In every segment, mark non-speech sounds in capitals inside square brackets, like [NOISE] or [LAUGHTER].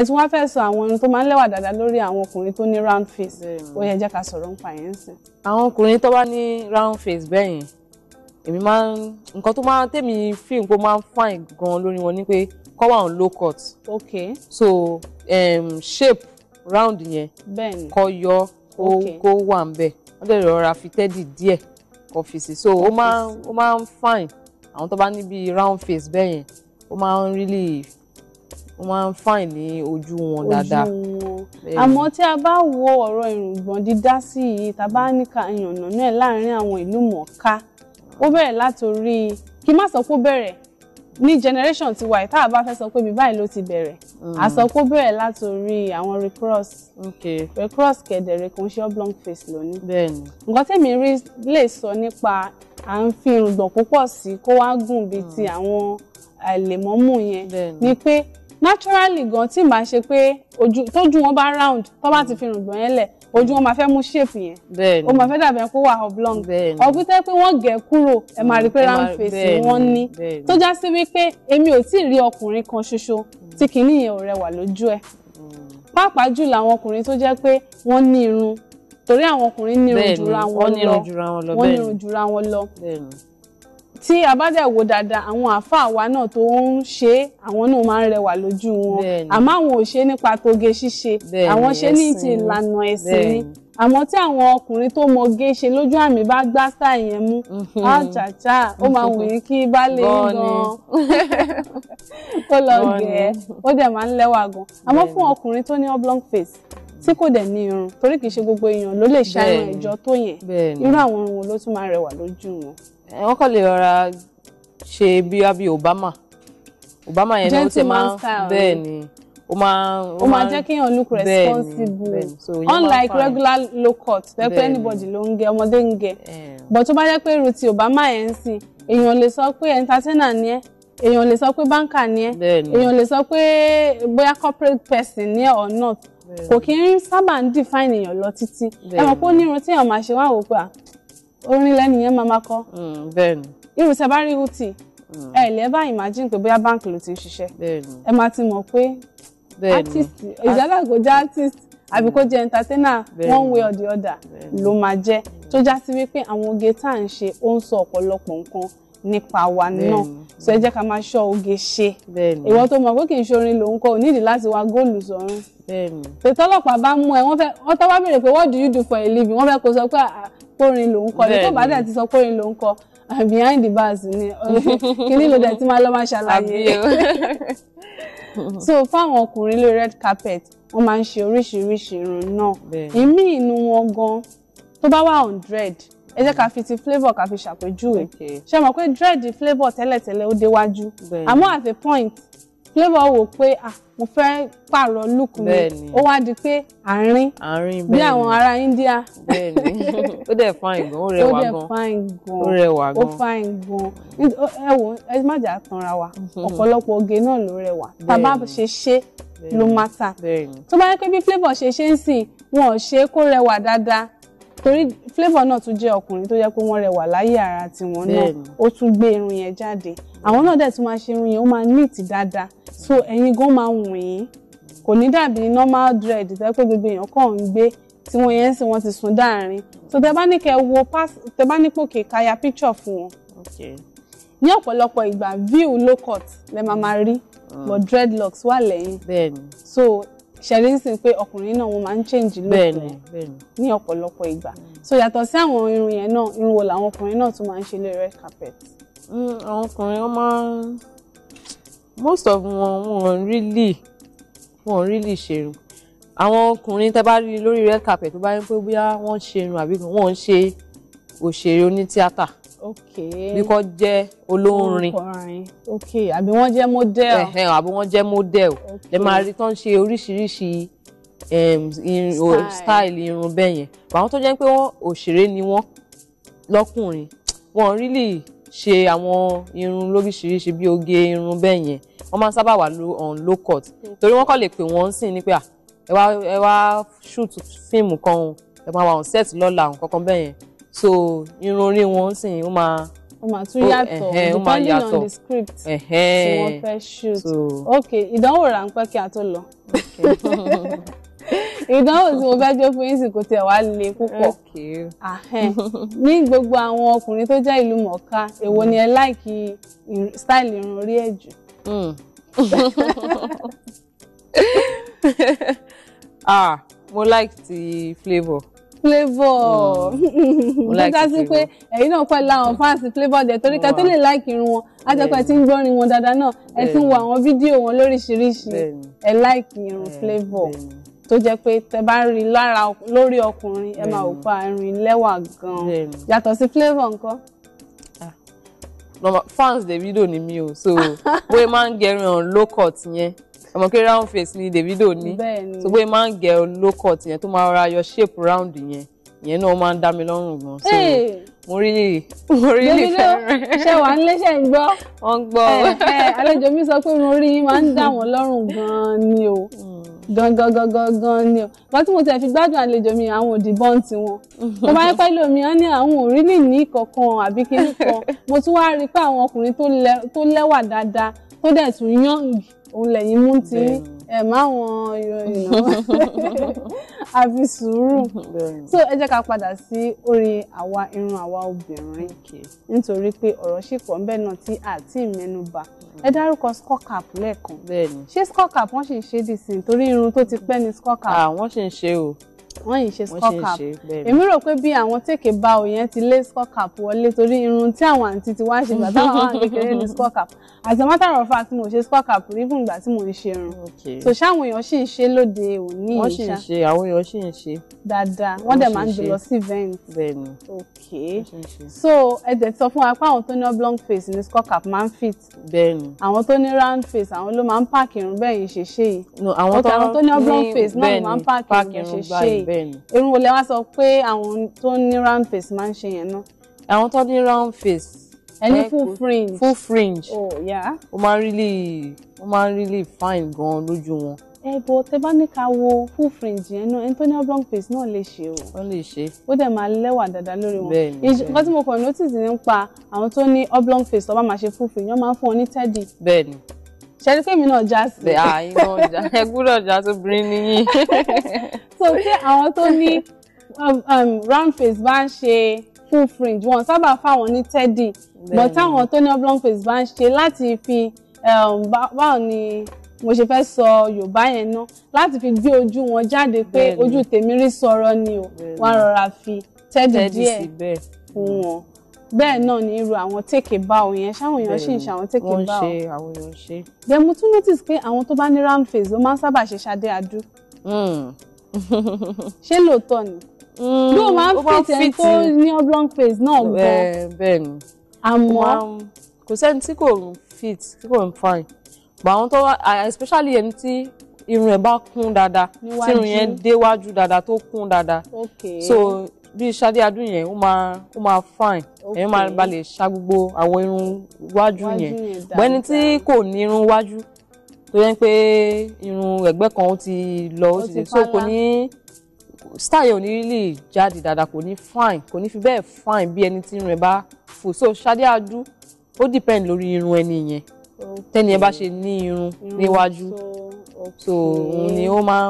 ẹ tún wáá fẹ́ sọ àwọn tó máa ń lẹ́wà dáadáa lórí àwọn ọkùnrin tó ní round face ó yẹ jẹ́ ká sọ̀rọ̀ nípa yẹn sí. àwọn ọkùnrin tó bá ní round face bẹ́ẹ̀ yẹn èmi máa ń nǹkan tó máa tèmi fíìm pé ó máa ń fine gan lórí wọn ni pé kọ́ wà ń low cut. ok so um, shape round yẹn kọ́ yọ kó wà ń bẹ̀ wọ́n dẹ̀ rọra fi tẹ́dì díẹ̀ kọ́ fi sí so ó máa ń fine àwọn tó bá ní bíi round face bẹ́ẹ̀ yẹn ó máa ń really wọ́n máa ń fàìn ní ojú wọn dáadáa. àmọ́ tí a bá wo ọ̀rọ̀ ìrùngbọ̀n dídá sí yìí tá a bá ní ká yànnà náà láàárín àwọn ìlú mọ̀ọ́ká ó bẹ̀rẹ̀ látòrí kí má sọ pé bẹ̀rẹ̀ ní generation ti wà tá a bá fẹ́ sọ pé bíbáyìí ló ti bẹ̀rẹ̀ àsọ mm. pé ó bẹ̀rẹ̀ látòrí àwọn recross recross kẹ̀dẹ̀rẹ̀ kò ń ṣe oblong face lónìí. bẹ́ẹ̀ni. nǹkan tẹ̀mí rí lè sọ nípa à ń fi irùngbọ̀n púpọ̀ sí kó wá gùn bíi ti mm. àwọn àlèmọ́mù naturally gan tí màá ṣe pé ojú tójú wọn bá round tó bá ti fi rùngbọ̀n yẹn lẹ̀ ojú wọn máa fẹ́ mú shape yẹn o máa fẹ́ dàbẹ̀ kó wà oblong ọ̀gbìn tẹ́ pé wọ́n gẹ̀ kúrò ẹ máa rí pé round face wọ́n ní tó já sí wípé èmi ò tí ì rí ọkùnrin kan ṣoṣo tí kìíní yẹn ò rẹwà lójú ẹ̀ mm. pàápàá jùlọ àwọn ọkùnrin tó jẹ́ pé wọ́n ní irun torí àwọn ọkùnrin ní irun jura wọn lọ wọ́n ní irun jura wọn lọ tí a bá dẹ̀ wò dáadáa àwọn àáfàá wa náà tó ń ṣe é àwọn náà máa ń rẹwà lójú wọn àmọ́ àwọn ò ṣe nípa toge ṣíṣe àwọn ṣe ní ti ìlànà ẹ̀sìn ni àmọ́ tí àwọn ọkùnrin tó mọge ṣe lójú àmì bá gbá sáà yẹn mú àjàjà mhm. ó máa wù yín kí bá lè gan [LAUGHS] kó lọ gẹ̀ ẹ́ ó dẹ̀ máa ń lẹ́wà gan àmọ́ fún ọkùnrin tó ní oblong face tí kò dẹ̀ ní irun torí kì í ṣe gbogbo èèyàn ló lè ṣe irun ẹ̀jọ́ tó yẹn irú àwọn irun ló tún máa rẹwà lójú wọn. wọ́n kàn lè rọra ṣe bí abi Obama Obama yẹn náà ó ti máa bẹ́ẹ̀ ni ó máa ó máa jẹ́ kéèyàn look responsible unlike regular low cut pẹ́pẹ́ anybody ló ń gẹ ọmọdé ń gẹ but tó bá jẹ́ pé irú ti Obama yẹn ń sìn èèyàn lè sọ pé entertainer ni ẹ́ èèyàn lè sọ pé banker ni ẹ́ èèyàn lè sọ pé bóyá corporate person ni ẹ́ or not kò kí ń sábà ń define èèyàn lọ títí ẹ mọ̀ pé ó ní irun tí èèyàn máa ṣe wá wò pé orin lẹ́nu yẹn máa máa kọ́ irun tẹ bá rí Uti mm. ẹ lè bá imagine pé bóyá báńkì ló ti ń ṣiṣẹ́ ẹ máa ti mọ̀ pé artist ìjálá artist àbí kó jẹ́ entertainer one way or the other ló máa jẹ́ tó já sí wípé àwọn oge tá à ń ṣe ó ń sọ ọ̀pọ̀lọpọ̀ nǹkan nípa wa náà so ẹ jẹ́ ká máa ṣọ́ oge ṣe ìwọ tó mọ̀ pé kì í ṣorin ló ń kọ́ ò nídìí láti wá góòlù sọ́run tètè ọlọ́pàá bá mú ẹ wọ́n fẹ́ wọ́n tọ́ béèrè pé what do you do for a living wọ́n fẹ́ kó sọ pé ah, ah, pórin ló ń kọ́ ni tó bá dẹ̀ ti sọ pórin ló ń kọ́ behind the bars ni [LAUGHS] kíní ló dẹ̀ ti máa lọ́ máa ṣàlàyé [LAUGHS] so fáwọn ọkùnrin lórí red carpet wọ́n máa ń ṣe oríṣiríṣi irun náà ìmí inú wọn gan tó bá wà hundred ẹ jẹ́ ká fi ti flavour ká fi ṣàpèjúwe ṣe mọ̀ pé dread flavour tẹ́lẹ̀tẹ́lẹ̀ ó déwájú àmọ́ at a point flavour wò pé ah mo fẹ́ pààrọ̀ look mi ó wá di pé àárín bí àwọn ará India. bẹ́ẹ̀ni ó dẹ̀ fine gan ó rẹwà gan ó dẹ̀ fine gan ó rẹwà gan ó fine gan ẹ wò ẹ má jà tanra wa [LAUGHS] ọ̀pọ̀lọpọ̀ oge náà ló rẹwà tá a bá ṣe ṣe ló má ta tó bá yẹ pé bí flavour ṣe ṣe ń sìn wọn ò ṣe kó rẹwà dáadáa torí flavour náà tún jẹ́ ọkùnrin tó jẹ́ pé wọ́n rẹwà láyé ara tiwọn náà ó tún gbé irun yẹn jáde àwọn náà dẹ̀ tún máa ṣe irun yẹn ó máa neat dáadáa so ẹ̀yin gan máa wùn yín kò ní dàbí normal dread tẹ́ pé gbogbo èèyàn kàn ń gbé tí wọ́n yẹn ń sìn ti sùn dáàrin so tẹ́ bá ní kẹ́ wo pass tẹ́ bá ní pòkè kaya picture fún wọn. ní ọ̀pọ̀lọpọ̀ ìgbà view low cut lẹ́ máa máa rí mm. but dreadlocks wà lẹ́yìn so ṣẹ̀rí ń sìn pé ọkùnrin náà wọ́n máa ń change lóògùn ní ọ̀pọ̀lọpọ̀ ìgbà mm. so yàtọ̀ sí àwọn irun yẹn náà irun wo làwọn ọkùnrin náà tún máa ń ṣe lé red carpet. Mm, àwọn ọkùnrin wọn máa ń most of wọn wọn really wọn really ṣerun àwọn ọkùnrin tẹ bá rí lórí red carpet tó bá yẹ pé bóyá wọn ṣerun àbí wọn ń ṣe òṣèré onítíátà okay bíkọ́ jẹ́ olórin okay àbí wọ́n jẹ́ model ẹ̀hẹ́n àbí wọ́n jẹ́ model lè máa rí tán ṣe oríṣiríṣi style irun bẹ́ẹ̀ yẹn àwọn tó jẹ́ pé wọ́n òṣèré ni wọ́n lọ́kùnrin wọn really ṣe àwọn irun lóríṣiríṣi bí oge irun bẹ́ẹ̀ yẹn wọ́n máa sábà wà on low cut torí wọ́n kàn lè pè wọ́n sìn ní pé ẹ wá ẹ fíìmù kan ẹ máa wà on set lọ́la nǹkan kan bẹ́ẹ̀ yẹn so irun orí wọn sì ó máa ó máa tún yàtọ̀ depending on the script tí wọ́n fẹ́ shoot ok ìdánwò ráńpẹ́ kí a tó lọ [LAUGHS] ìdánwò tí mo fẹ́ jó fún yín sì kò tiẹ̀ wá le púpọ̀ ní gbogbo àwọn ọkùnrin tó jẹ́ ìlú mọ̀ọ́ká èwo ni ẹ mm. láìkí style irun orí ẹ̀ jù. Mm. [LAUGHS] [LAUGHS] ah mo like ti flavour flavour nígbà mm. [LAUGHS] tí pé ẹ̀yin náà pẹ̀lú àwọn fáǹsì flavour dẹ̀ torí ká tó lè mm. láìkì irun wọn á jẹ́ pé ẹ ti ń gbọ́rin wọn dáadáa náà ẹ ti ń wo àwọn fídíò wọn lóríṣiríṣi ẹ láìkì irun flavour tó jẹ́ pé tẹ bá rí lára lórí ọkùnrin ẹ máa wò pa irun lẹ́wà gan-an yàtọ̀ sí flavour ah. nǹkan. fans Davido ni mi o so [LAUGHS] bóyá man ń on low cut yẹn ọmọ kí round face ni Davido ní tó pé máa ń gẹ olókọ̀ tìyẹn tó máa ra yọ shape round yẹn ìyẹn náà máa ń dá mi lọ́rùn gan so mo rí lè mo rí lè fẹ́ràn. ṣé wàá ń léṣe ń gbọ́. wọ́n ń gbọ́. àlejò mi sọ pé mo rí yín máa ń dá wọn lọ́rùn gan ni o gangan hmm. gangan gan ni o wọn tí mo tẹ fi gbádùn àlejò mi àwọn òdìbọn tiwọn mo bá yẹ pé lómi á ní àwọn ò rí lè ní kankan àbí kíní kan mo tún wá rí i pé àwọn ọkùnrin tó lẹ́wà dáadáa tó dẹ̀ tún yán òun lẹ́yìn mú ti ẹ̀ máwọn ìròyìn [LAUGHS] a fi sùúrù so ẹ jẹ́ ká padà sí orin àwa irun àwa obìnrin nítorí pé ọ̀rọ̀ ṣì pọ̀ ńbẹ̀ náà tí àti ìmẹ́nubà mm-hmm. ẹ dárúkọ skullcap lẹ́ẹ̀kan ṣé skullcap wọ́n sì ń ṣe dìsìn torí irun tó ti pẹ́ ni skullcap. àwọn sì ń ṣe o wọ́n yìí ṣe skullcap èmi rò pé bí àwọn tèké bá òyìn ti lé skullcap wọlé torí irun tí àwọn àǹtí ti wá ń ṣe ìgbà táwọn àwọn kékeré ní skullcap as a matter of fact mo ṣe skullcap rí fún ìgbà tí mo ń ṣe irun so ṣáwọn èèyàn sì ń ṣe lóde òní ìṣá wọ́n sì ń ṣe àwọn èèyàn sì ń ṣe dáadáa wọ́n dẹ̀ máa ń gbé lọ sí event bẹ́ẹ̀ni ok so ẹ dẹ̀ sọ fún wa pé àwọn tó ní oblong face ní skullcap máa ń fit bẹ́ẹ̀ni àwọn tó ní round face àwọn ló máa ń pààkì irun bẹ́ẹ̀ no àwọn tó ní oblong face náà máa ń pààkì irun bẹ́ẹ̀ bẹ́ẹ̀ni. irun wo lẹ wá sọ pé àwọn tó ní round face máa ń ṣe yẹn náà. àwọn tó ní round face. ẹni full fringe. full fringe. oh yeah. ó máa ń really ó máa ń really fine gan lójú wọn. ẹ bọ tẹ bá ní ká wo full fringe yẹn náà ẹni tó ní round face náà lè ṣe o. ó lè ṣe. ó dẹ̀ máa lẹ́wà dáadáa lórí wọn. bẹ́ẹ̀ni bẹ́ẹ̀ni nǹkan tí mo kàn notice nípa àwọn tó ní oblong face tó bá máa ṣe full fringe wọ́n máa ń fún wọn ní tẹ́dì. bẹ́ẹ̀ni ṣẹ́ni fèmí náà já sí. Ah, ẹ gbúdọ̀ já sóbìnrin nìyí. [LAUGHS] so pé àwọn tó ní um, um, round face bá ń ṣe full fringe wọn sábà fáwọn ní teddy but táwọn tó ní oblong face bá ń ṣe láti fi um, báwọn ni mo ṣe fẹ́ sọ yorùbá yẹn ná láti fi gbé ojú wọn jáde pé ojú tèmi rí sọ̀rọ̀ ni o wọn rọra fi teddy díẹ̀ fún wọn bẹ́ẹ̀ náà ní irú àwọn take bow yẹn ṣáwọn èèyàn ṣì ń ṣe àwọn take bow wọ́n ṣe àwọn èèyàn ṣe. then mo tún notice pé àwọn tó bá ní round face ló máa ń sábà ṣe Ṣadé Adú. Hmm. ṣé lóòótọ́ ni. ló hmm, máa ń fit ẹni tó ní oblong face náà gan. bẹ́ẹ̀ ni àmọ́ kò sẹ́ni tí kò fit tí kò fine but àwọn tó wá especially ẹni tí irun ẹ̀ bá kún dáadáa tí irun yẹn déwájú dáadáa tó kún dáadáa so bíi Ṣadé Adún yẹn ó máa ó máa fine èyí máa ba lè ṣá gbogbo àwọn irun wájú yẹn bọ́ ẹni tí kò ní irun wájú tó yẹ pé irun ẹ̀gbẹ́ kan ó ti lọ ó ti lè so kò ní style ò ní lè jáde dáadáa kò ní fine kò ní fi bẹ́ẹ̀ fine bí ẹni tí irun ẹ̀ bá fò so Ṣadé adu. ó depend lórí irun ẹni yẹn tẹ́ni ẹ bá ṣe ní irun níwájú so òun ni ó máa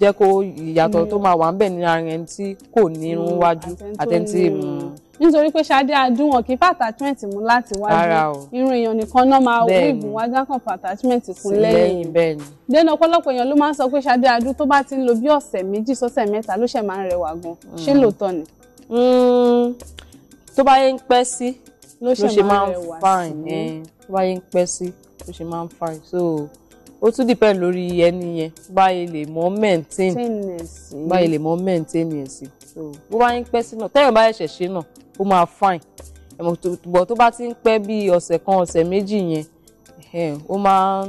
jẹ́ kó ìyàtọ̀ tó mm. máa wà ń bẹ̀ ní ara ẹni tí kò ní irun mm. wájú àtẹ̀ntì mm. nítorí pé Ṣadé Adún wọn kì í fàtàtúmẹ̀tì mú láti wájú irun èèyàn nìkan náà máa wíìbù wájú kan fàtàtúmẹ̀tì fún lẹ́yìn dẹ́nu ọ̀pọ̀lọpọ̀ èèyàn ló máa ń sọ pé Ṣadé Adún tó bá ti ń lo bí ọ̀sẹ̀ méjì sọ́sẹ̀ mẹ́ta ló ṣẹ̀ máa ń rẹwà gan ṣé lóòótọ́ ni. tó bá yẹ eh. ń pẹ́ sí ló ṣe máa ń fine so ó tún depend lórí ẹni yẹn báyìí lè mọ maintain báyìí lè mọ maintain yẹn sí bó bá ń pẹ́ sí náà tẹ́yìn bá ṣẹ̀ṣẹ̀ ṣe náà ó máa fine ẹ̀mọ̀ bọ̀ tó bá ti ń pẹ́ bí ọ̀sẹ̀ kan ọ̀sẹ̀ méjì yẹn ó máa ń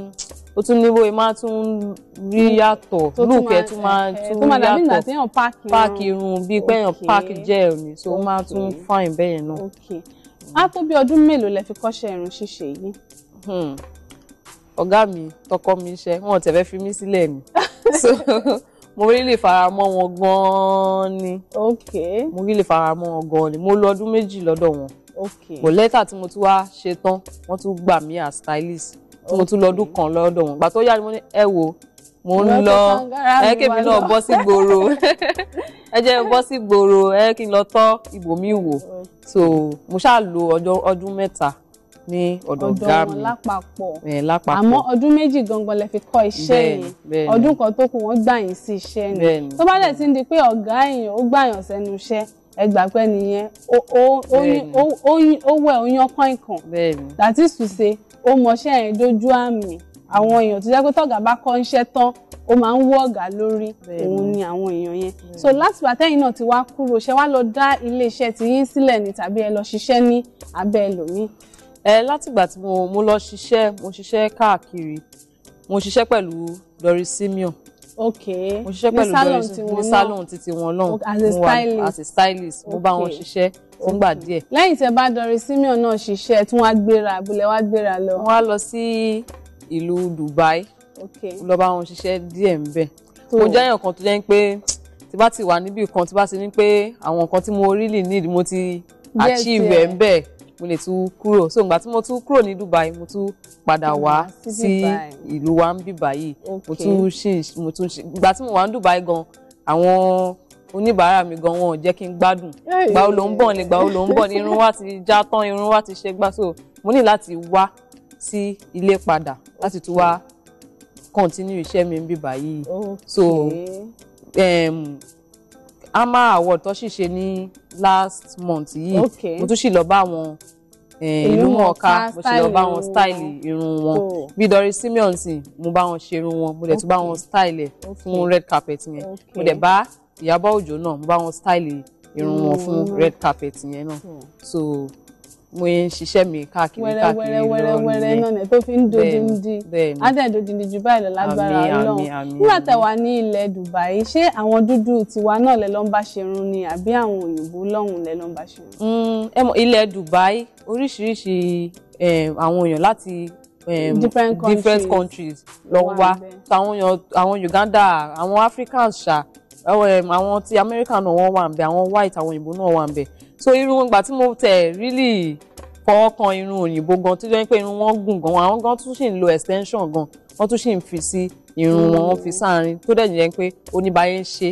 ó tún níbo ìmá tún rí yàtọ̀ look ẹ̀ tún máa tún rí hmm. yàtọ̀ páàkì irun bíi pẹ́yàn páàkì gel ni so ó máa tún fine bẹ́yẹn náà. á tó bí ọdún mélòó lẹ fi kọ́ṣẹ́ irun ṣíṣe yìí. Hmm ọ̀gá mi tọkọ mi iṣẹ́ wọn tẹ̀ fẹ́ fi mí sílẹ̀ ni [LAUGHS] so mo rí lè fara mọ́ wọn gan-an ni mo rí lè fara mọ́ wọn gan-an ni mo lò ọdún méjì lọ́dọ̀ wọn kò lẹ́tà tí mo tún wá ṣe tán wọ́n tún gbà mí as stylist tí mo tún lọ́dún kan lọ́dọ̀ wọn gbà tó yá mo ní ẹ wo mo ń lọ ẹ kémi náà bọ́ sí gbòòrò [LAUGHS] ẹ jẹ́ bọ́ sí gbòòrò ẹ lọ tọ́ ibòmí wò so mo ṣáà lò ọdún mẹ́ta ní ọ̀dọ̀ ọ̀gá mi ọ̀dọ̀ wọn lápapọ̀ lápapọ̀ àmọ́ ọdún méjì gangan lẹ fi kọ́ iṣẹ́ yẹn ọdún kan tó kù wọ́n gbà yín sí iṣẹ́ yẹn tó bá dẹ̀ ti ń di pé ọ̀gá èèyàn ó gbà yàn sẹ́nu iṣẹ́ ẹ gbà pé nìyẹn ó wẹ̀ oyan kọ́ìnkàn láti ṣùṣe ó mọṣẹ́ yẹn dójú àmì àwọn èèyàn tó jẹ́ pé tọ́gà bá kọ́ iṣẹ́ tán ó máa ń wọ́ ọ̀gá lórí òun ni àwọn èèyàn yẹn so láti bàtẹ́yìn náà ti wá kúrò ṣe wá lọ dá iléeṣẹ́ tiyín sílẹ̀ ni tàbí ẹ lọ ṣiṣẹ́ ní abẹ́ ẹlòmíì ẹ látìgbà tí mo mo lọ ṣiṣẹ́ mo ṣiṣẹ́ káàkiri mo ṣiṣẹ́ pẹ̀lú Doris Simeon ok mo ṣiṣẹ́ pẹ̀lú Doris ní salon títí wọn náà mo wà as a stylist mo bá wọn ṣiṣẹ́ fún gbà díẹ̀. lẹ́yìn tẹ́ bá Doris Simeon náà ṣiṣẹ́ tí wọ́n á gbéra abúlé wọ́n gbéra lọ. wọ́n á lọ sí ìlú Dubai lọ bá wọn ṣiṣẹ́ díẹ̀ ń bẹ̀ mo jẹ́ èèyàn kan tó jẹ́ pé tí bá ti wà níbì kan tí bá ti ní pé àwọn nǹkan tí mo really need mo ti achieve ẹ̀ ń bẹ̀ mo lè tún kúrò so ìgbà tí mo tún kúrò ní Dubai mo tún padà wá sí ìlú wa ń bì báyìí mo tún ṣì mo tún ṣe ìgbà tí mo wà ní Dubai gan àwọn oníbàárà mi gan wọn ò jẹ́ kí n gbádùn gbà ó ló ń bọ̀ ni gbà ó ló ń bọ̀ ni irun wa ti já tán irun wa ti ṣe gbá so mo ní láti wá sí ilé padà láti tún wá continue iṣẹ́ mi ń bì báyìí so ama award tó sì ṣe ní last month yìí mo tún sì lọ bá wọn eh, ìlú mọ̀ọ́ká mo sì lọ bá wọn style irun wọn oh. bí Doris Simeon sì mo bá wọn ṣe irun wọn mo dẹ̀ tún bá wọn style ẹ̀ fún red carpet yẹn mo dẹ̀ bá Ìyábọ̀ Òjó náà mo bá wọn style irun wọn fún mm. red carpet yẹn náà so mo ń ṣiṣẹ́ mi káàkiri káàkiri lọ wẹrẹ wẹrẹ wẹrẹ náà ni tó fi ń dodindi adé dodindi jù báyìí lọ lágbára Ọlọ́run nígbà tá a wà ní ilẹ̀ Dubai ṣé àwọn dúdú tiwa náà lẹ lọ ń bá ṣerun ni àbí àwọn òyìnbó lọ́hùn lẹ lọ ń bá ṣerun. Mm, ilẹ̀ Dubai oríṣiríṣi eh, àwọn èèyàn láti eh, different countries lọ wá àwọn Uganda àwọn Africans ṣá àwọn ti Amẹ́ríkà náà wọ́n wà ń àwọn white àwọn òyìnbó náà wà ń so irun ìgbà tí mo tẹ̀ really fọwọ́ kan irun òyìnbó gan tó jẹ́ pé irun wọn gùn gan àwọn gan tún sì ń lo extension gan wọ́n tún sì ń fi sí irun wọn wọ́n fi sáàrin tó dẹ̀ jẹ́ pé oníbàyẹ̀ ń ṣe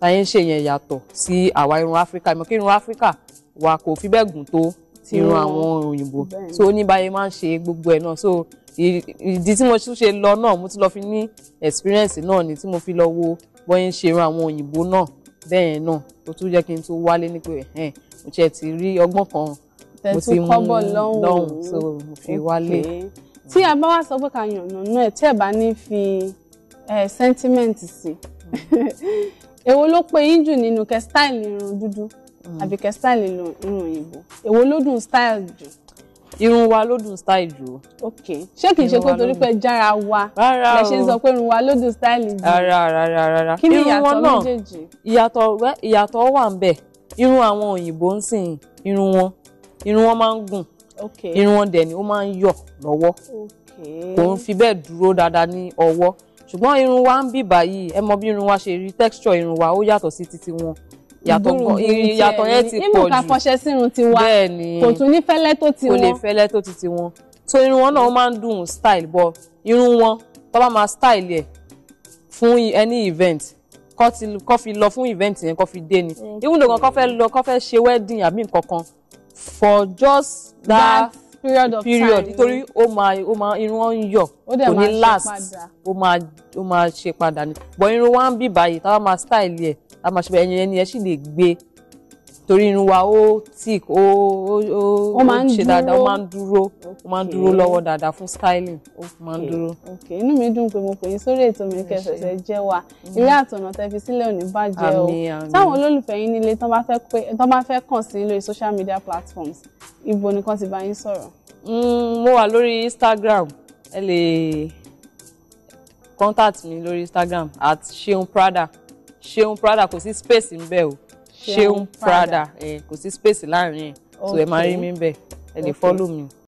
táyé ń ṣe yẹn yàtọ̀ sí àwa irun Áfíríkà ìmọ̀ kí irun Áfíríkà wa kò fi bẹ́ẹ̀ gùn tó ti irun àwọn òyìnbó so oníbàyẹ̀ máa ń ṣe gbogbo ẹ̀ náà so ìdí tí mo tún ṣe lọ náà mo tún lọ fi ní experience náà ni tí mo fi lọ wo bọ́yẹn ń ṣe irun àwọn òyìnbó náà bẹ́ẹ̀ náà tó tún jẹ́ kí n tún wálé ní pé ẹ̀ mo tiẹ̀ ti rí ọgbọ́n kan mo ti mú lọ́hùn so fi wálé. tí a bá wá sọ pé ká yànnà náà tí ẹ bá ní fi sentiment sí [LAUGHS] èwo ló pé yín jù nínú kẹ style irun dúdú hmm. àbí kẹ style irun òyìnbó èwo ló dùn style jù irun wa ló dùn style jù. ok ṣé kìí ṣe pé torí pé jára wa rárá o lè ṣe ń sọ pé irun wa ló dùn style jù. rárá rárá rárá kí ni ìyàtọ̀ méjèèjì. ìyàtọ̀ ìyàtọ̀ wà ń bẹ̀ irun àwọn òyìnbó ń sìn irun wọn irun wọn máa ń gùn irun wọn dẹ̀ ni ó máa ń yọ̀ lọ́wọ́ kò ń fi bẹ́ẹ̀ dúró dáadáa ní ọwọ́ ṣùgbọ́n irun wa ń bì báyìí ẹ mọ bí irun wa ṣe rí texture irun wa ó yàtọ̀ sí titi wọn yàtọ̀ yẹn ti pọ̀ jù nínú ká fọṣẹ sírun tiwa kò tún ní fẹ́lẹ́ tó ti wọn kò lè fẹ́lẹ́ tó ti tiwọn so irun wọn náà máa ń dùn style bọ irun wọn tó bá máa style yẹ fún any event kọ́ fi lọ fún event yẹn kọ́ fi dé ni mm, even though kan kọ́ fẹ́ lọ kọ́ fẹ́ ṣe wedding àbí nǹkan kan for just that period of period nítorí o máa ó máa irun wọn ń yọ kò ní last O máa o máa ṣe padà ni but irun wa ń bì báyìí táwa máa style yẹ táwa máa ṣe bẹ́ẹ̀ ẹni ẹni ẹ sì lè gbé torí irun wa ó thick ó ó ó ṣe dáadáa ó máa ń dúró ó máa ń dúró lọ́wọ́ dáadáa fún styling ó máa ń dúró. ok inú mi dùn pé mo pè yín sórí ètò mi kẹfẹsẹ̀ jẹ́ wa mhm. ilé àtọ̀nà tẹ́fi sílẹ̀ ò ní bàjẹ́ o táwọn olólùfẹ́ yín nílé tán bá fẹ́ kàn sí lórí social media platforms ibo nìkan ti bá yín sọ̀rọ̀. Mm, mo wà lórí Instagram ẹ lè contact mi lórí Instagram at seunprada seunprada kò sí space ń o. Ṣeun Prada eh, kò sí space láàrin ẹ̀ so ẹ máa rí mi bẹ́ẹ̀ ẹ lè fọ́lù mi.